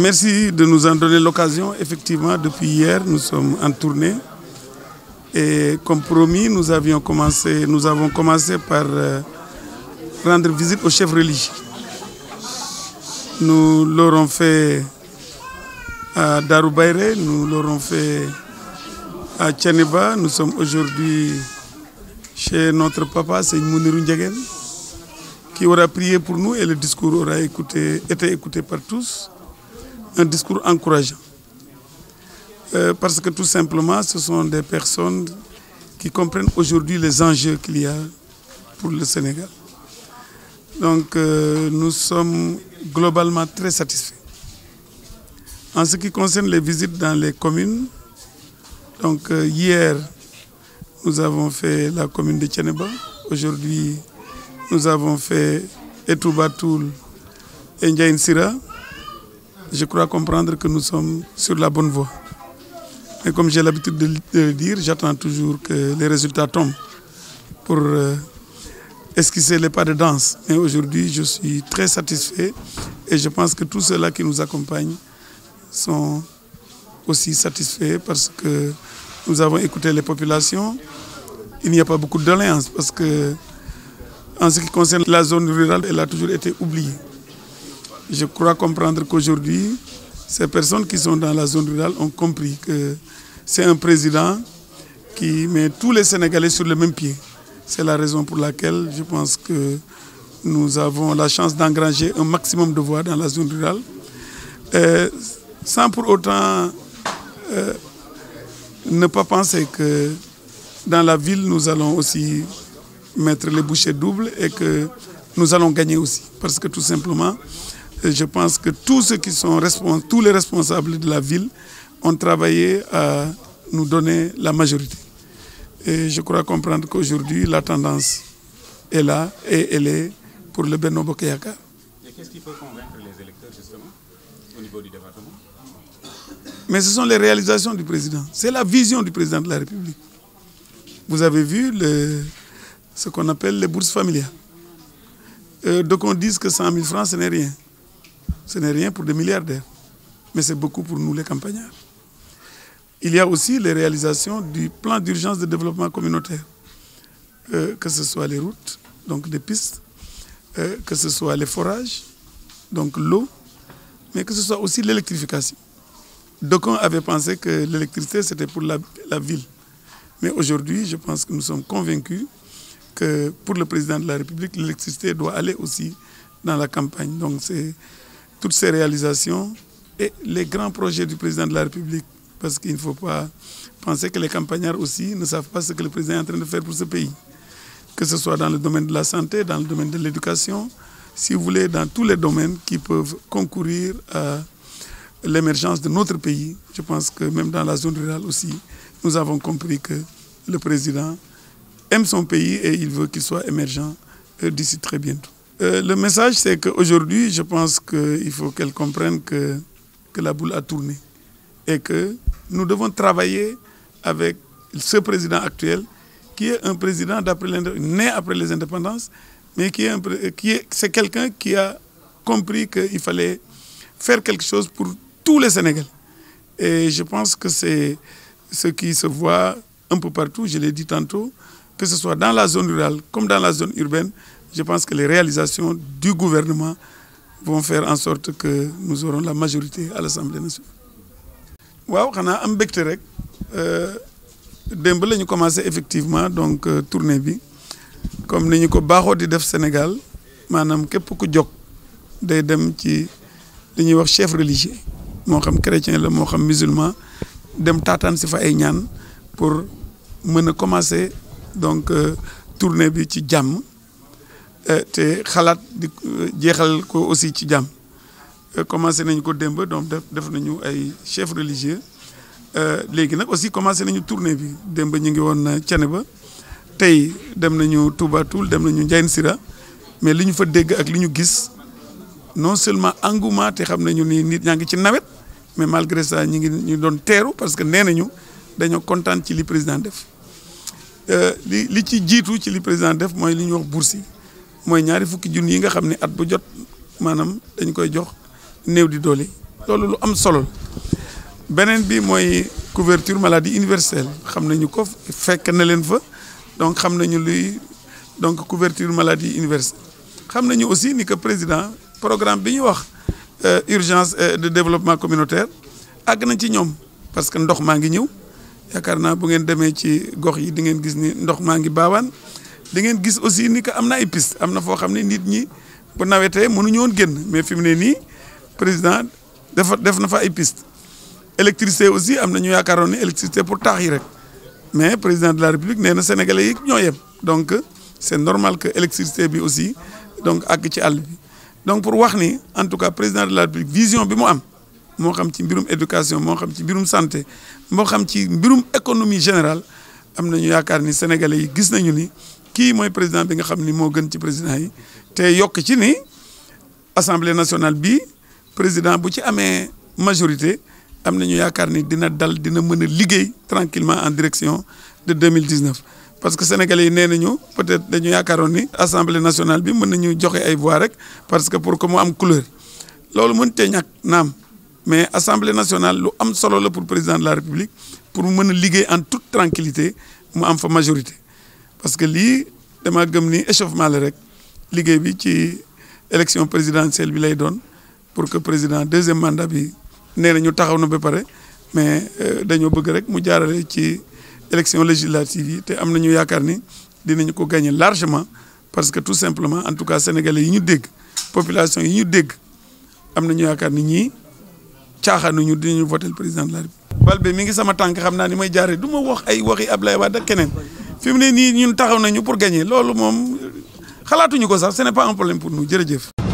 Merci de nous en donner l'occasion. Effectivement, depuis hier, nous sommes en tournée. Et comme promis, nous, avions commencé, nous avons commencé par euh, rendre visite aux chefs religieux. Nous l'aurons fait à Darubaire, nous l'aurons fait à Tchaneba. Nous sommes aujourd'hui chez notre papa, c'est qui aura prié pour nous et le discours aura été écouté par tous un discours encourageant. Euh, parce que tout simplement, ce sont des personnes qui comprennent aujourd'hui les enjeux qu'il y a pour le Sénégal. Donc euh, nous sommes globalement très satisfaits. En ce qui concerne les visites dans les communes, donc euh, hier, nous avons fait la commune de Tchénéba. Aujourd'hui, nous avons fait Etoubatoul et Sira je crois comprendre que nous sommes sur la bonne voie. Et comme j'ai l'habitude de le dire, j'attends toujours que les résultats tombent pour euh, esquisser les pas de danse. Mais aujourd'hui, je suis très satisfait et je pense que tous ceux-là qui nous accompagnent sont aussi satisfaits parce que nous avons écouté les populations. Il n'y a pas beaucoup de parce que, en ce qui concerne la zone rurale, elle a toujours été oubliée. Je crois comprendre qu'aujourd'hui, ces personnes qui sont dans la zone rurale ont compris que c'est un président qui met tous les Sénégalais sur le même pied. C'est la raison pour laquelle je pense que nous avons la chance d'engranger un maximum de voix dans la zone rurale, euh, sans pour autant euh, ne pas penser que dans la ville, nous allons aussi mettre les bouchées doubles et que nous allons gagner aussi. Parce que tout simplement, je pense que tous ceux qui sont responsables, tous les responsables de la ville ont travaillé à nous donner la majorité. Et je crois comprendre qu'aujourd'hui, la tendance est là et elle est pour le Beno Bokeyaka. Et qu'est-ce qui peut convaincre les électeurs, justement, au niveau du département Mais ce sont les réalisations du président. C'est la vision du président de la République. Vous avez vu ce qu'on appelle les bourses familiales. donc on dit que 100 000 francs, ce n'est rien. Ce n'est rien pour des milliardaires, mais c'est beaucoup pour nous les campagnards. Il y a aussi les réalisations du plan d'urgence de développement communautaire, euh, que ce soit les routes, donc des pistes, euh, que ce soit les forages, donc l'eau, mais que ce soit aussi l'électrification. on avait pensé que l'électricité, c'était pour la, la ville. Mais aujourd'hui, je pense que nous sommes convaincus que pour le président de la République, l'électricité doit aller aussi dans la campagne. Donc c'est toutes ces réalisations et les grands projets du président de la République. Parce qu'il ne faut pas penser que les campagnards aussi ne savent pas ce que le président est en train de faire pour ce pays. Que ce soit dans le domaine de la santé, dans le domaine de l'éducation, si vous voulez, dans tous les domaines qui peuvent concourir à l'émergence de notre pays. Je pense que même dans la zone rurale aussi, nous avons compris que le président aime son pays et il veut qu'il soit émergent euh, d'ici très bientôt. Euh, le message, c'est qu'aujourd'hui, je pense qu'il faut qu'elle comprenne que, la boule a tourné et que nous devons travailler avec ce président actuel qui est un président d'après né après les indépendances, mais qui est, qui c'est quelqu'un qui a compris qu'il fallait faire quelque chose pour tous les Sénégalais. Et je pense que c'est ce qui se voit un peu partout, je l'ai dit tantôt, que ce soit dans la zone rurale comme dans la zone urbaine, je pense que les réalisations du gouvernement vont faire en sorte que nous aurons la majorité à l'Assemblée nationale. waaw xanaa am mbégte rek nous euh, commencé effectivement donc euh, tournée comme nous ñu ko baaxoo du def Sénégal maanaam képp ku jóg day dem ci li wax chef religieux moo xam chrétien la moo xam musulman dem taataan si fa ay pour commencer donc euh, tournée bi ci Eh, te xalaat di eh, jeexal ko aussi ci jàmm eh, commencé nañ ko démb donc def def nañu ay chef religieux léegi nag aussi commencé nañu tournée bi démb ñu ngi woon cene ba tey dem nañu Touba Toul dem nañu Ndiayène Sira mais li ñu fa dégg ak li ñu gis non seulement engouement te xam nañu ni nit ñaa ngi ci nawet mais malgré ça ñu ngi ñu doon teeru parce que nee nañu dañoo kontaan ci li président def li li ci jiitu ci li président def mooy li ñuy wax bourse yi mooy ñaari fukki junni yi nga xam ne at bu jot maanaam dañ koy jox néew di doole loolu lu am solo beneen bi mooy couverture maladie universelle xam nañu ko fekk na leen fa donc xam nañu luy donc couverture maladie universelle xam nañu aussi ni que président programme bi ñu wax euh, urgence euh, de développement communautaire àgg na ci ñoom parce que ndox maa ngi ñëw yaakaar naa bu ngeen demee ci gox yi di ngeen gis ni ndox maa ngi baawaan da ngeen gis aussi ni que am na ay am na foo xam ne nit ñi ba nawetee mënuñu woon génn mais fi mu ne nii président dafa def na fa ay piste électricité aussi am na ñu yaakaaroon ne électricité pour taax yi rek mais président de la république nee na sénégalais ñoo yem donc c'est normal que électricité bi aussi donc àgg ci àll bi donc pour wax ni en tout cas président de la république vision bi mu am moo xam ci mbirum éducation moo xam ci mbirum santé moo xam ci mbirum économie générale am nañu yaakaar ni sénégalais yi gis nañu ni Qui le président bi nga xamni mo gën ci président yi té yok ci ni assemblée nationale bi président bu ci amé majorité am nañu yaakaar ni dina dal dina mëna liggéey tranquillement en direction de 2019 parce que sénégalais yi nee peut-être dañu yaakaaroon ni assemblée nationale bi mëna ñu joxé ay voix rek parce que pour que mu am couleur loolu mën te ñàkk naam mais assemblée nationale lu am solo la pour président de la république pour mëna liggéey en toute tranquillité mu am fa majorité parce que lii dama gëm ni échauffement la rek liggéey bi ci élection présidentielle bi lay doon pour que président deuxième mandat bi nee na ñu taxaw na ba pare mais euh, dañoo bëgg rek mu jaarale ci élection législative yi te am nañu yaakaar ni dinañu ko gagner largement parce que tout simplement en tout cas sénégalais yi ñu dégg population yi ñu dégg am nañu yaakaar ni ñii caaxaanuñu dinañu voter président de la République. Balbe mi ngi sama tànk xam naa ni may jaaree du ma wax ay waxi Ablaye Wade ak keneen. fi mu ne nii ñun taxaw nañu pour gagner loolu moom xalaatuñu ko sax ce n'est pas un problème pour nous jërëjëf.